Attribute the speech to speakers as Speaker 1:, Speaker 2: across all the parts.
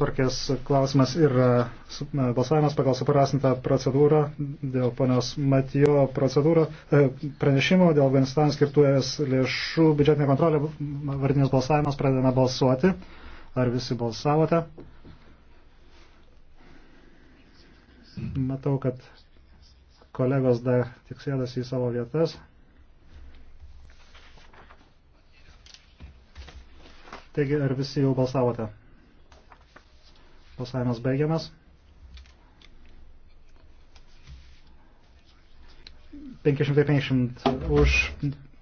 Speaker 1: tvarkės klausimas yra e, e, balsavimas pagal suprasintą procedūrą dėl ponios Matijo procedūro e, pranešimo dėl Afganistanų skirtuojas lėšų biudžetinė kontrolė vardinis balsavimas pradedame balsuoti. Ar visi balsavote? Matau, kad kolegos dar tik sėdasi į savo vietas. Taigi, ar visi jau balsavote? Balsavimas baigiamas. Penkišimtai penkišimt už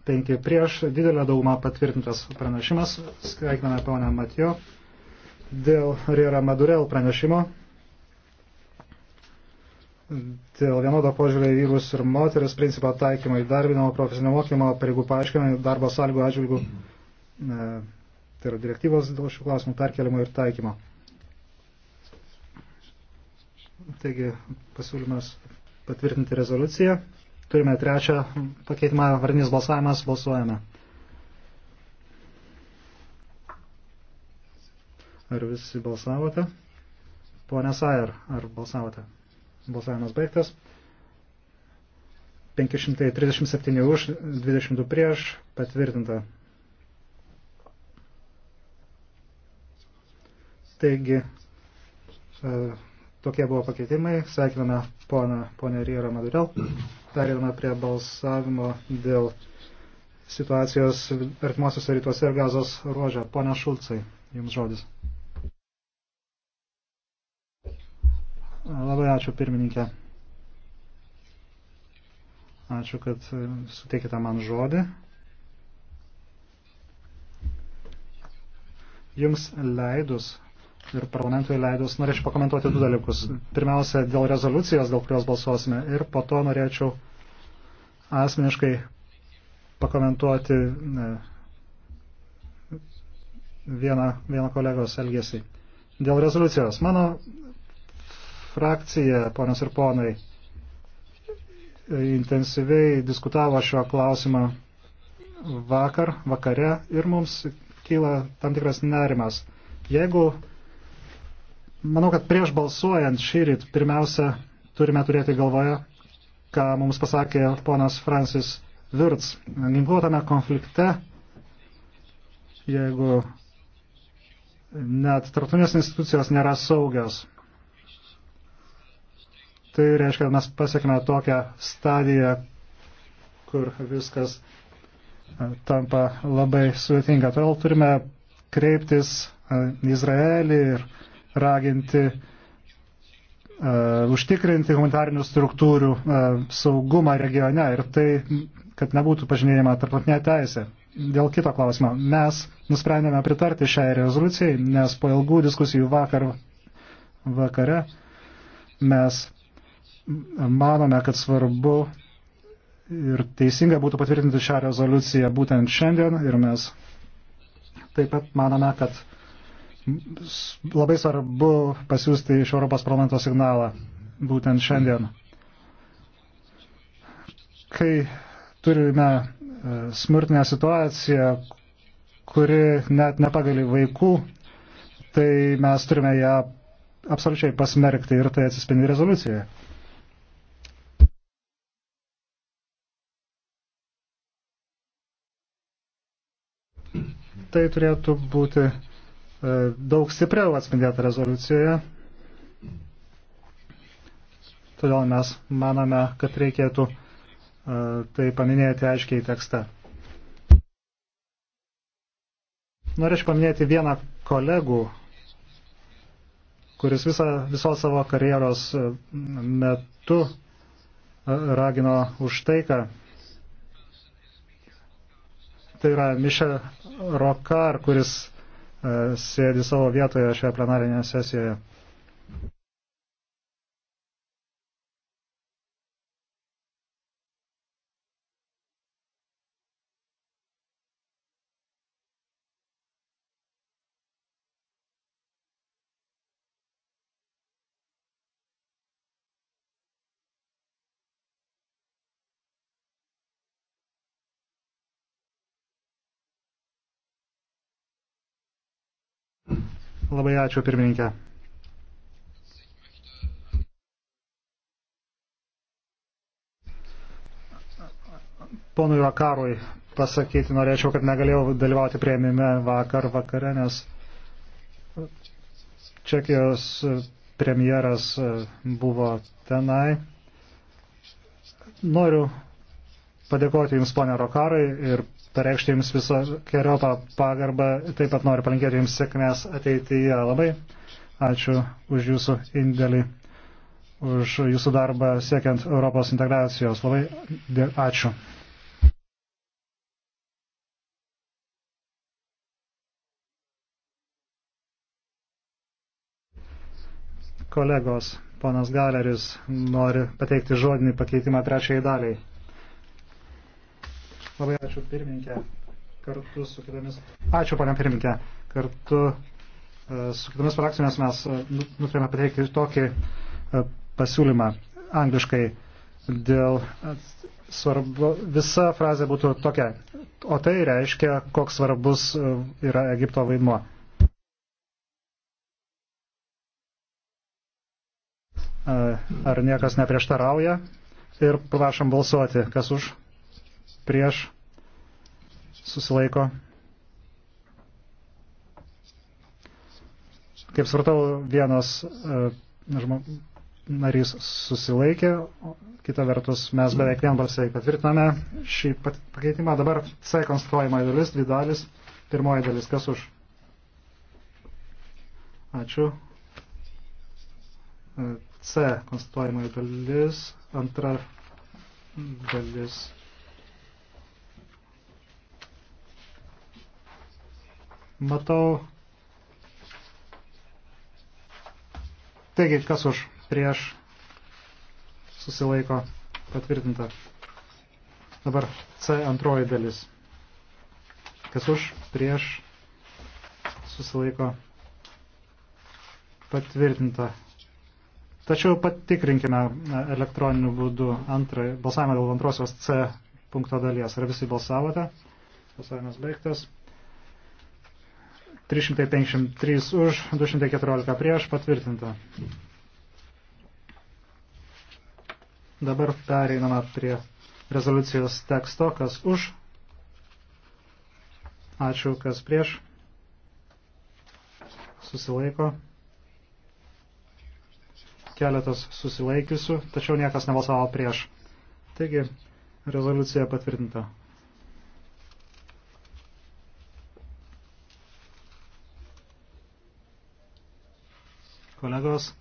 Speaker 1: penki prieš didelę daugumą patvirtintas pranešimas. Sveikiname ponę Matijo dėl Riera Madurel pranešimo. Dėl vienodo požiūrį į vyrus ir moteris principą taikymo įdarbinimo profesinio mokymo pareigų paaiškinimo darbo sąlygų atžvilgių, e, tai yra direktyvos dėl šių klausimų perkelimo ir taikymo. Taigi pasiūlymas patvirtinti rezoliuciją. Turime trečią pakeitimą, varnys balsavimas, balsuojame. Ar visi balsavote? Pone Sair, ar balsavote? Balsavimas baigtas. 537 už, 22 prieš, patvirtinta. Taigi, uh, Tokie buvo pakeitimai. Sveikiname poną, ponę Rierą Madurel. Perėdame prie balsavimo dėl situacijos artimuosiuose rytuose ir gazos ruožė. Pone Šulcai, jums žodis. Labai ačiū pirmininkė. Ačiū, kad suteikite man žodį. Jums leidus ir parlamentui leidus, norėčiau pakomentuoti du dalykus. Pirmiausia, dėl rezoliucijos, dėl kurios balsuosime, ir po to norėčiau asmeniškai pakomentuoti vieną, vieną kolegos elgesį. Dėl rezoliucijos. Mano frakcija, ponios ir ponai, intensyviai diskutavo šio klausimą vakar, vakare ir mums kyla tam tikras nerimas. Jeigu Manau, kad prieš balsuojant šį ryt pirmiausia turime turėti galvoje, ką mums pasakė ponas Francis Virts. Ginkluotame konflikte, jeigu net tarptautinės institucijos nėra saugios, tai reiškia, kad mes pasiekime tokią stadiją, kur viskas e, tampa labai sudėtinga. Todėl turime kreiptis e, į Izraelį ir raginti uh, užtikrinti humanitarinių struktūrų uh, saugumą regione ir tai, kad nebūtų pažinėjama tarptautinė teisė. Dėl kito klausimo, mes nusprendėme pritarti šiai rezoliucijai, nes po ilgų diskusijų vakar vakare mes manome, kad svarbu ir teisinga būtų patvirtinti šią rezoliuciją būtent šiandien ir mes taip pat manome, kad labai svarbu pasiūsti iš Europos parlamento signalą būtent šiandien. Kai turime e, smurtinę situaciją, kuri net nepagali vaikų, tai mes turime ją absoliučiai pasmerkti ir tai atsispindi rezoliucijoje. Tai turėtų būti E, daug stipriau atspindėta rezoliucijoje. Todėl mes manome, kad reikėtų e, tai paminėti aiškiai tekste. Norėčiau paminėti vieną kolegų, kuris visą, visos savo karjeros e, metu ragino už taiką. Tai yra Mišel Rokar, kuris sėdi savo vietoje šioje plenarinėje sesijoje. Labai ačiū pirmininkė. Ponui Rakarui pasakyti norėčiau, kad negalėjau dalyvauti prieimime vakar vakare, nes Čekijos premjeras buvo tenai. Noriu padėkoti Jums, ponė Rokarai, ir pareikšti Jums visą keriopą pagarbą. Taip pat noriu palinkėti Jums sėkmės ateityje. Labai ačiū už Jūsų indėlį, už Jūsų darbą siekiant Europos integracijos. Labai ačiū. Kolegos, ponas Galeris nori pateikti žodinį pakeitimą trečiai daliai. Labai ačiū pirmininkė. Kartu su kitomis. Ačiū, ponia pirmininkė. Kartu e, su kitomis frakcijomis mes e, nu, nutrėme pateikti tokį e, pasiūlymą angliškai dėl svarbu, visa frazė būtų tokia. O tai reiškia, koks svarbus yra Egipto vaidmuo. Ar niekas neprieštarauja? Ir prašom balsuoti, kas už prieš, susilaiko. Kaip svartau, vienas e, narys susilaikė, kita vertus mes beveik vienbalsiai patvirtiname šį pakeitimą. Dabar C konstruojama dalis, dvi dalis, pirmoji dalis, kas už. Ačiū. E, C konstruojama dalis, antra dalis Matau. Taigi, kas už prieš susilaiko patvirtinta. Dabar C antroji dalis. Kas už prieš susilaiko patvirtinta. Tačiau patikrinkime e, elektroniniu būdu antrą, balsavimą dėl antrosios C punkto dalies. Ar visi balsavote? Balsavimas baigtas. 353 už, 214 prieš patvirtinta. Dabar pereiname prie rezoliucijos teksto, kas už. Ačiū, kas prieš. Susilaiko. Keletas susilaikiusių, tačiau niekas nebalsavo prieš. Taigi, rezoliucija patvirtinta. kolegos.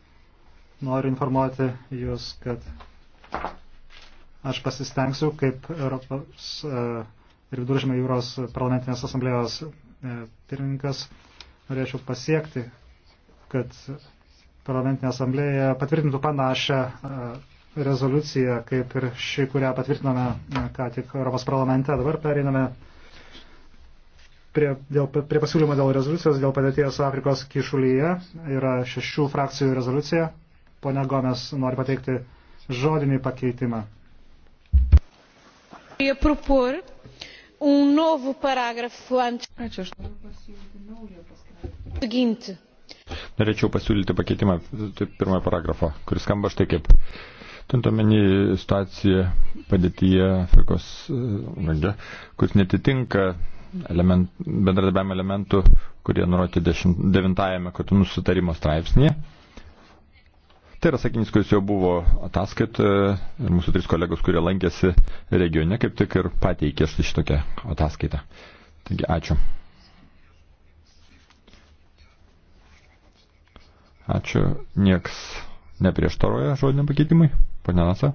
Speaker 1: Noriu informuoti Jūs, kad aš pasistengsiu kaip Europos e, ir Viduržymio jūros parlamentinės asamblėjos e, pirmininkas. Norėčiau pasiekti, kad parlamentinė asamblėja patvirtintų panašią e, rezoliuciją, kaip ir ši, kurią patvirtinome ką tik Europos parlamente. Dabar pereiname prie, dėl, prie pasiūlymo dėl rezoliucijos dėl padėties Afrikos kišulyje. Yra šešių frakcijų rezoliucija. Pone Gomes nori pateikti žodinį pakeitimą. Um Ačiū, aš noriu pasiūlyti naują pastraipą.
Speaker 2: Norėčiau pasiūlyti pakeitimą tai pirmojo paragrafo, kuris skamba štai kaip. Tuntomenį situaciją padėtyje Afrikos e, valdžia, kuris netitinka element, bendradarbiavimo elementų, kurie nurodyti 9-ame kotinų sutarimo straipsnėje. Tai yra sakinys, kuris jau buvo ataskaitoje ir mūsų trys kolegos, kurie lankėsi regione, kaip tik ir pateikė štai šitokią ataskaitą. Taigi, ačiū. Ačiū, nieks neprieštaroja žodiniam pakeitimui. Pane Nasa.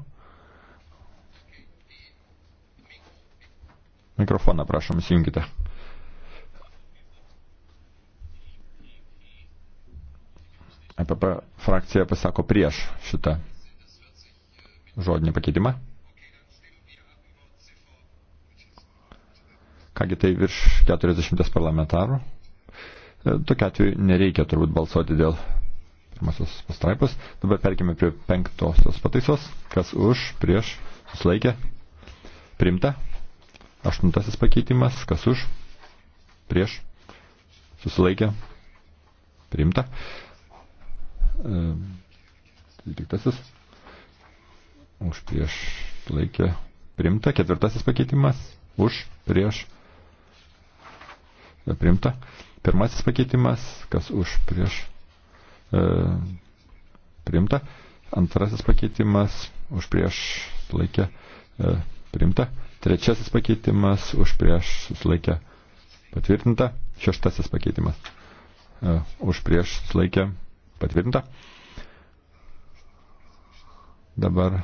Speaker 2: Mikrofoną prašom, įsijungite. EPP frakcija pasako prieš šitą žodinį pakeitimą. Kągi tai virš 40 parlamentarų. E, tokiu atveju nereikia turbūt balsuoti dėl pirmosios pastraipos. Dabar perkime prie penktosios pataisos. Kas už, prieš, susilaikė, primta. Aštuntasis pakeitimas, kas už, prieš, susilaikė, priimta. E, dvyliktasis, už, prieš, laikė, priimta. Ketvirtasis pakeitimas, už, prieš, e, priimta. Pirmasis pakeitimas, kas už, prieš, e, priimta. Antrasis pakeitimas, už, prieš, laikė, e, priimta. Trečiasis pakeitimas už prieš susilaikę patvirtinta. Šeštasis pakeitimas e, už prieš susilaikę patvirtinta. Dabar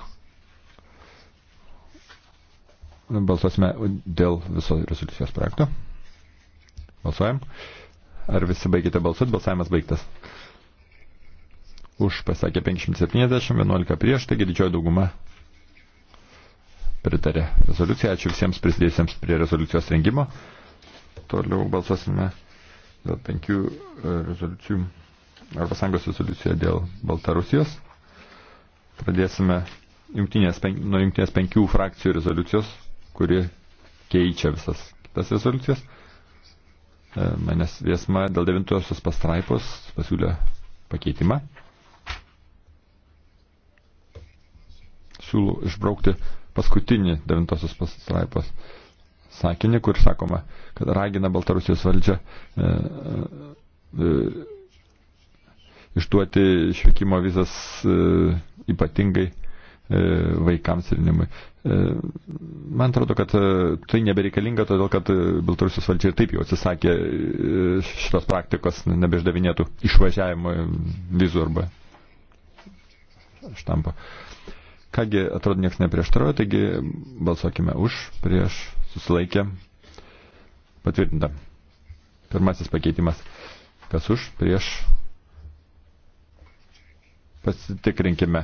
Speaker 2: balsuosime dėl viso rezoliucijos projekto. Balsuojam. Ar visi baigėte balsuoti? Balsavimas baigtas. Už pasakė 570, 11 prieš, taigi didžioji dauguma pritarė rezoliucijai. Ačiū visiems prisidėjusiems prie rezoliucijos rengimo. Toliau balsuosime dėl penkių e, rezoliucijų arba sąjungos rezoliuciją dėl Baltarusijos. Pradėsime jungtinės, pen, nuo jungtinės penkių frakcijų rezoliucijos, kuri keičia visas kitas rezoliucijas. E, Manęs viesma dėl devintosios pastraipos pasiūlė pakeitimą. Siūlau išbraukti paskutinį devintosios pastraipos sakinį, kur sakoma, kad ragina Baltarusijos valdžią e, e, e, išduoti išvykimo vizas e, ypatingai e, vaikams ir nimui. E, man atrodo, kad tai nebereikalinga, todėl kad Baltarusijos valdžia ir taip jau atsisakė šitos praktikos, nebeždavinėtų išvažiavimo vizų arba štampo. Kągi, atrodo, niekas neprieštarojo, taigi balsuokime už, prieš, susilaikė, patvirtinta. Pirmasis pakeitimas. Kas už, prieš, pasitikrinkime.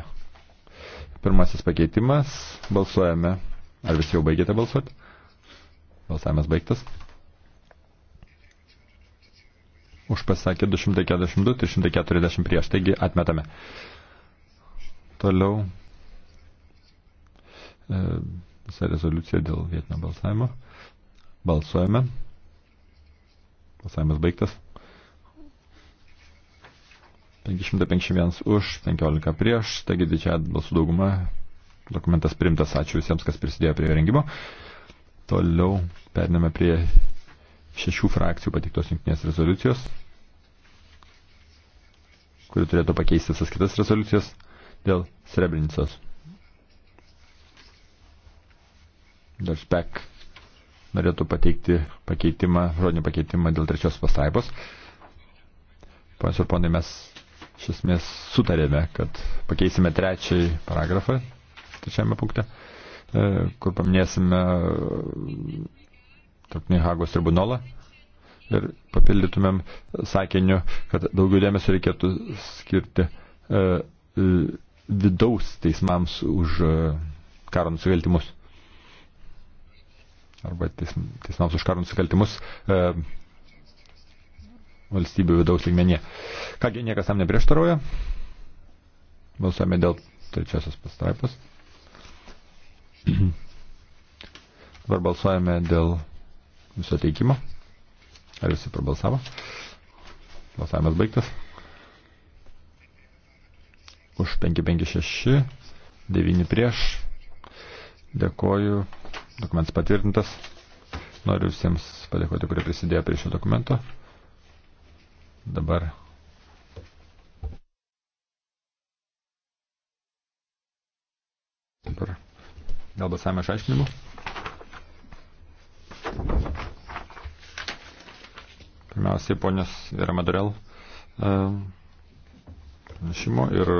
Speaker 2: Pirmasis pakeitimas, balsuojame. Ar visi jau baigėte balsuoti? Balsavimas baigtas. Už pasakė 242, 340 prieš, taigi atmetame. Toliau E, visą rezoliuciją dėl vietinio balsavimo. Balsuojame. Balsavimas baigtas. 551 už, 15 prieš, taigi didžiąją balsų daugumą dokumentas primtas. Ačiū visiems, kas prisidėjo prie rengimo. Toliau periname prie šešių frakcijų patiktos jungtinės rezoliucijos, kuri turėtų pakeisti visas kitas rezoliucijas dėl Srebrenicos. Dorspek norėtų pateikti pakeitimą, žodinį pakeitimą dėl trečios pastraipos. Ponas ir ponai, mes iš esmės sutarėme, kad pakeisime trečiąjį paragrafą, trečiame punkte, e, kur paminėsime e, tarpinį Hagos tribunolą ir papildytumėm sakiniu, kad daugiau dėmesio reikėtų skirti e, vidaus teismams už karo nusikaltimus arba teismams už karo nusikaltimus e, valstybių vidaus lygmenyje. Kągi, niekas tam neprieštarauja. Balsuojame dėl trečiosios pastraipos. Dabar balsuojame dėl viso teikimo. Ar visi prabalsavo? Balsavimas baigtas. Už 556, 9 prieš. Dėkoju Dokumentas patvirtintas. Noriu visiems padėkoti, kurie prisidėjo prie šio dokumento. Dabar. Dabar dėl balsavimo išaiškinimų.
Speaker 1: Pirmiausiai ponios Veramadurel e, pranešimo ir